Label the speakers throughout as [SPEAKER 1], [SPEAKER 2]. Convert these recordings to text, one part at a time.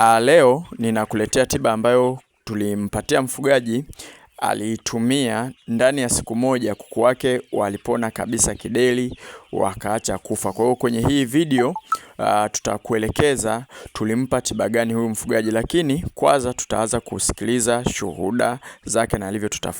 [SPEAKER 1] Uh, leo ninakuletea tiba ambayo tulimpatia mfugaji aliitumia ndani ya siku moja, kuku wake walipona kabisa kideri, wakaacha kufa. Kwa hiyo kwenye hii video uh, tutakuelekeza tulimpa tiba gani huyu mfugaji, lakini kwanza tutaanza kusikiliza shuhuda zake na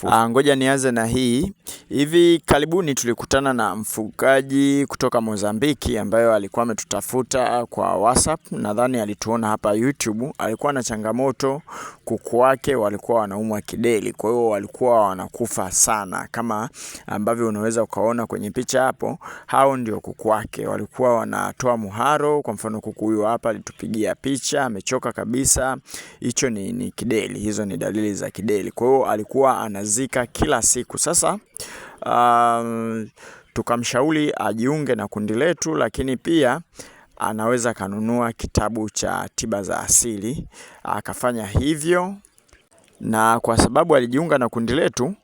[SPEAKER 1] Uh, Ngoja nianze na hii. Hivi karibuni tulikutana na mfugaji kutoka Mozambiki ambayo alikuwa ametutafuta kwa WhatsApp, nadhani alituona hapa YouTube. Alikuwa na changamoto, kuku wake walikuwa wanaumwa kideli kwa hiyo walikuwa wanakufa sana, kama ambavyo unaweza ukaona kwenye picha hapo hao ndio kuku wake walikuwa wanatoa muharo. Kwa mfano kuku huyo hapa alitupigia picha, amechoka kabisa. Hicho ni, ni kideli, hizo ni dalili za kideli. Kwa hiyo alikuwa anazika kila siku. Sasa um, tukamshauri ajiunge na kundi letu, lakini pia anaweza akanunua kitabu cha tiba za asili. Akafanya hivyo, na kwa sababu alijiunga na kundi letu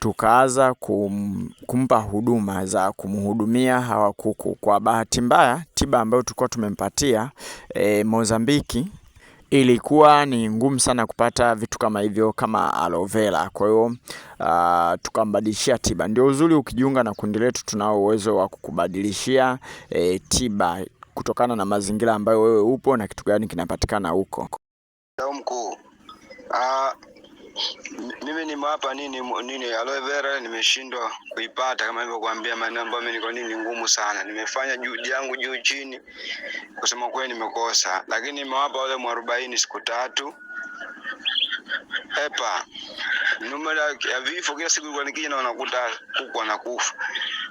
[SPEAKER 1] tukaanza kum, kumpa huduma za kumhudumia hawa kuku. Kwa bahati mbaya, tiba ambayo tulikuwa tumempatia e, Mozambiki ilikuwa ni ngumu sana kupata vitu kama hivyo kama aloe vera. Kwa hiyo uh, tukambadilishia tiba. Ndio uzuri ukijiunga na kundi letu, tunao uwezo wa kukubadilishia e, tiba kutokana na mazingira ambayo wewe upo na kitu gani kinapatikana huko.
[SPEAKER 2] Mkuu, mimi nimo hapa nini nini aloe vera, nimeshindwa kuipata kama nilivyokuambia, maeneo ambayo mimi niko nini ngumu sana. Nimefanya juhudi yangu juu chini, kusema kweli nimekosa, lakini nimewapa wale mwarobaini siku tatu epa numero ya vifo kila siku ilikuwa nikija na wanakuta kuku wanakufa,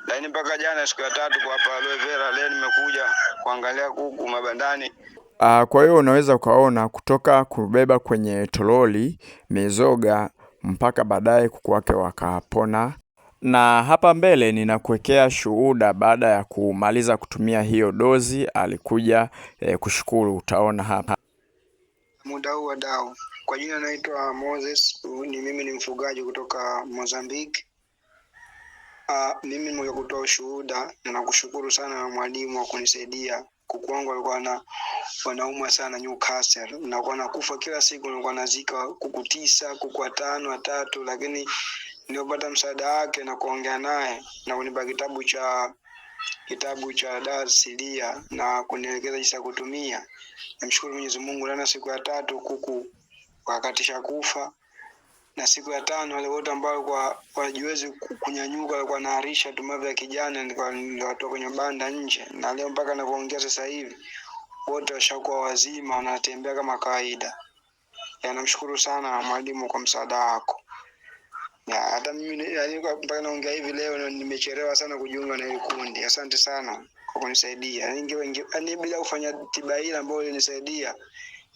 [SPEAKER 2] lakini mpaka jana siku ya tatu kwa hapa aloe vera. Leo nimekuja kuangalia kuku mabandani.
[SPEAKER 1] Ah, kwa hiyo unaweza ukaona kutoka kubeba kwenye toroli mizoga mpaka baadaye kuku wake wakapona. Na hapa mbele ninakuwekea shuhuda baada ya kumaliza kutumia hiyo dozi alikuja eh, kushukuru. Utaona hapa
[SPEAKER 2] mudau wa dao. Kwa jina naitwa Moses, ni mimi ni mfugaji kutoka Mozambique. Uh, mimi moja kutoa ushuhuda na nakushukuru sana mwalimu wa kunisaidia kuku wangu walikuwa wanaumwa sana Newcastle, nakuwa nakufa kila siku, nilikuwa nazika kuku tisa, kuku watano, watatu, lakini niliopata msaada wake na kuongea naye na kunipa kitabu cha kitabu cha dawa asilia na kunielekeza jinsi ya kutumia. Namshukuru Mwenyezi Mungu, lana siku ya tatu kuku wakatisha kufa na siku ya tano wale wote ambao kwa wajiwezi kunyanyuka walikuwa na harisha tumavyo ya kijana niliwatoa kwenye banda nje, na leo mpaka ninavyoongea sasa hivi wote washakuwa wazima, wanatembea kama kawaida. Namshukuru sana mwalimu kwa msaada wako. Hata mimi mpaka naongea hivi leo nimechelewa sana kujiunga na hili kundi. Asante sana kwa kunisaidia. Yaani bila kufanya tiba hii ambayo ulinisaidia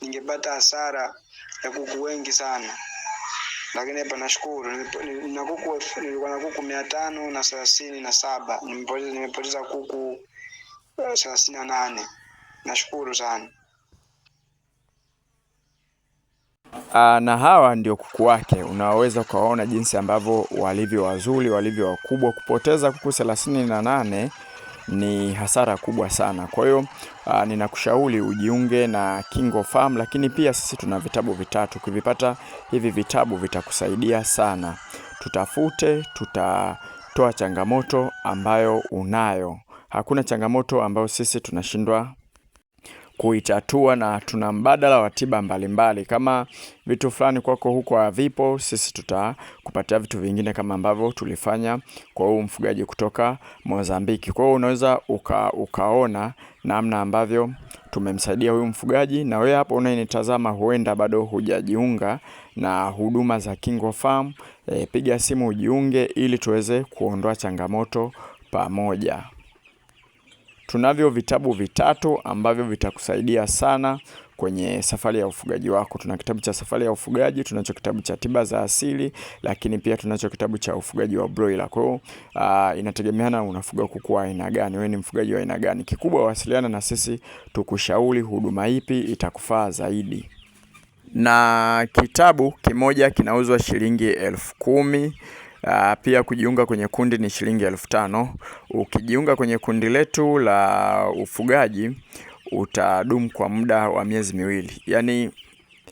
[SPEAKER 2] ningepata hasara ya kuku wengi sana lakini hapa nashukuru nina kuku, nilikuwa na kuku mia tano na thelathini na saba nimepoteza kuku eh, thelathini na nane. Nashukuru sana.
[SPEAKER 1] Aa, ah, na hawa ndio kuku wake. Unaweza ukawaona jinsi ambavyo walivyo wazuri, walivyo wakubwa. Kupoteza kuku thelathini na nane ni hasara kubwa sana. Kwa hiyo uh, ninakushauri ujiunge na Kingo Farm, lakini pia sisi tuna vitabu vitatu. Ukivipata hivi vitabu vitakusaidia sana. Tutafute, tutatoa changamoto ambayo unayo. Hakuna changamoto ambayo sisi tunashindwa kuitatua, na tuna mbadala wa tiba mbalimbali. Kama vitu fulani kwako huko havipo, sisi tutakupatia vitu vingine kama ambavyo tulifanya kwa huu mfugaji kutoka Mozambiki. Kwa hiyo unaweza uka, ukaona namna ambavyo tumemsaidia huyu mfugaji, na wewe hapo unayenitazama, huenda bado hujajiunga na huduma za Kingo Farm, e, piga simu ujiunge ili tuweze kuondoa changamoto pamoja tunavyo vitabu vitatu ambavyo vitakusaidia sana kwenye safari ya ufugaji wako. Tuna kitabu cha safari ya ufugaji, tunacho kitabu cha tiba za asili, lakini pia tunacho kitabu cha ufugaji wa broiler. Kwa hiyo uh, inategemeana unafuga kuku wa aina gani, wewe ni mfugaji wa aina gani. Kikubwa wasiliana na sisi tukushauri huduma ipi itakufaa zaidi. Na kitabu kimoja kinauzwa shilingi elfu kumi. Uh, pia kujiunga kwenye kundi ni shilingi elfu tano. Ukijiunga kwenye kundi letu la ufugaji utadumu kwa muda wa miezi miwili. Yaani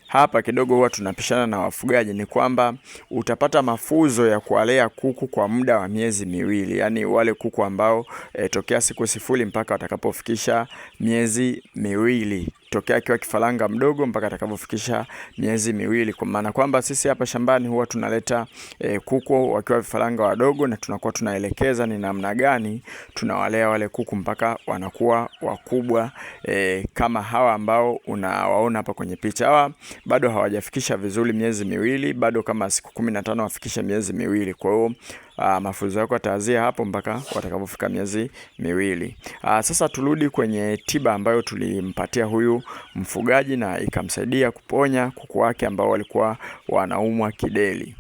[SPEAKER 1] hapa kidogo huwa tunapishana na wafugaji, ni kwamba utapata mafunzo ya kuwalea kuku kwa muda wa miezi miwili, yaani wale kuku ambao e, tokea siku sifuri mpaka watakapofikisha miezi miwili tokea akiwa kifaranga mdogo mpaka atakavyofikisha miezi miwili, kwa maana kwamba sisi hapa shambani huwa tunaleta e, kuku wakiwa vifaranga wadogo, na tunakuwa tunaelekeza ni namna gani tunawalea wale kuku mpaka wanakuwa wakubwa e, kama hawa ambao unawaona hapa kwenye picha. Hawa bado hawajafikisha vizuri miezi miwili, bado kama siku kumi na tano wafikishe miezi miwili, kwa hiyo uh, mafunzo yako yataanzia hapo mpaka watakapofika miezi miwili. Uh, sasa turudi kwenye tiba ambayo tulimpatia huyu mfugaji na ikamsaidia kuponya kuku wake ambao walikuwa wanaumwa kideli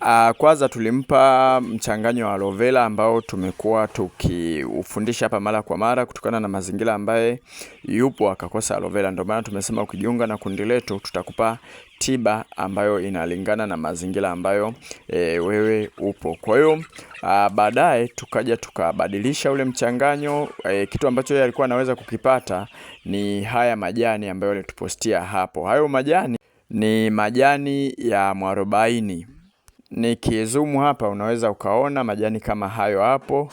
[SPEAKER 1] Uh, kwanza tulimpa mchanganyo wa aloe vera ambao tumekuwa tukiufundisha hapa mara kwa mara kutokana na mazingira ambaye yupo akakosa aloe vera. Ndio maana tumesema ukijiunga na kundi letu tutakupa tiba ambayo inalingana na mazingira ambayo e, wewe upo. Kwa hiyo ah, baadaye tukaja tukabadilisha ule mchanganyo e, kitu ambacho yeye alikuwa anaweza kukipata ni haya majani ambayo alitupostia hapo. Hayo majani ni majani ya mwarobaini. Nikizumu hapa unaweza ukaona majani kama hayo hapo.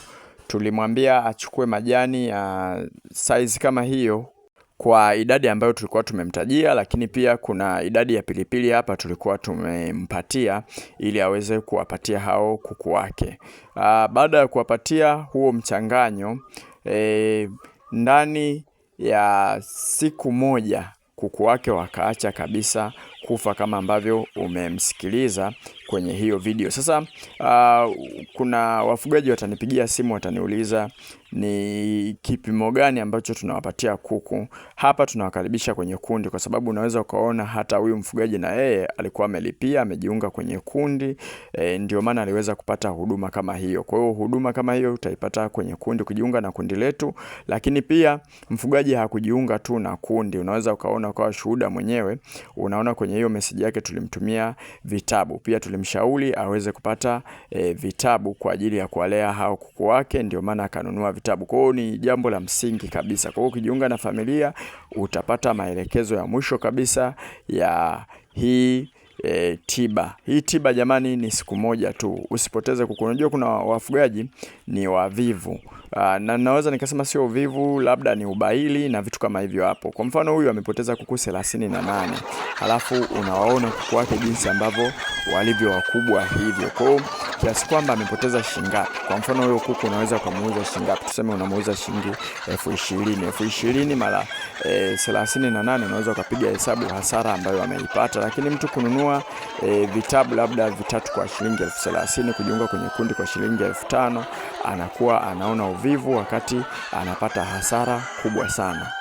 [SPEAKER 1] Tulimwambia achukue majani ya size kama hiyo kwa idadi ambayo tulikuwa tumemtajia, lakini pia kuna idadi ya pilipili hapa tulikuwa tumempatia ili aweze kuwapatia hao kuku wake. Ah, baada ya kuwapatia huo mchanganyo e, ndani ya siku moja kuku wake wakaacha kabisa kufa kama ambavyo umemsikiliza kwenye hiyo video. Sasa uh, kuna wafugaji watanipigia simu wataniuliza ni kipimo gani ambacho tunawapatia kuku. Hapa tunawakaribisha kwenye kundi, kwa sababu unaweza ukaona hata huyu mfugaji na yeye alikuwa amelipia, amejiunga kwenye kundi e, ndio maana aliweza kupata huduma kama hiyo. Kwa hiyo huduma kama hiyo utaipata kwenye kundi, kujiunga na kundi letu. Lakini pia mfugaji hakujiunga tu na kundi, unaweza ukaona ukawa shuhuda mwenyewe. Unaona kwenye hiyo meseji yake tulimtumia vitabu, pia tulimshauri aweze kupata e, vitabu kwa ajili ya kuwalea hao kuku wake, ndio maana akanunua vitabu kitabu. Kwa hiyo ni jambo la msingi kabisa. Kwa hiyo ukijiunga na familia utapata maelekezo ya mwisho kabisa ya hii e, tiba. Hii tiba jamani ni siku moja tu, usipoteze kuku. Unajua kuna wafugaji ni wavivu aa, na naweza nikasema sio uvivu, labda ni ubaili na vitu kama hivyo hapo. Kwa mfano huyu amepoteza kuku thelathini na nane halafu unawaona kuku wake jinsi ambavyo walivyo wakubwa hivyo, kwa kiasi kwamba amepoteza shingapi. Kwa mfano huyo kuku unaweza ukamuuza shingapi? Tuseme unamuuza shilingi elfu ishirini elfu ishirini mara e, thelathini na nane unaweza ukapiga hesabu hasara ambayo ameipata, lakini mtu kununua kununua e, vitabu labda vitatu kwa shilingi elfu thelathini kujiunga kwenye kundi kwa shilingi elfu tano anakuwa anaona uvivu, wakati anapata hasara kubwa sana.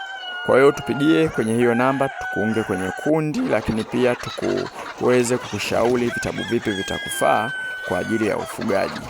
[SPEAKER 1] Kwa hiyo tupigie kwenye hiyo namba tukuunge kwenye kundi, lakini pia tukuweze kukushauri vitabu vipi vitakufaa kwa ajili ya ufugaji.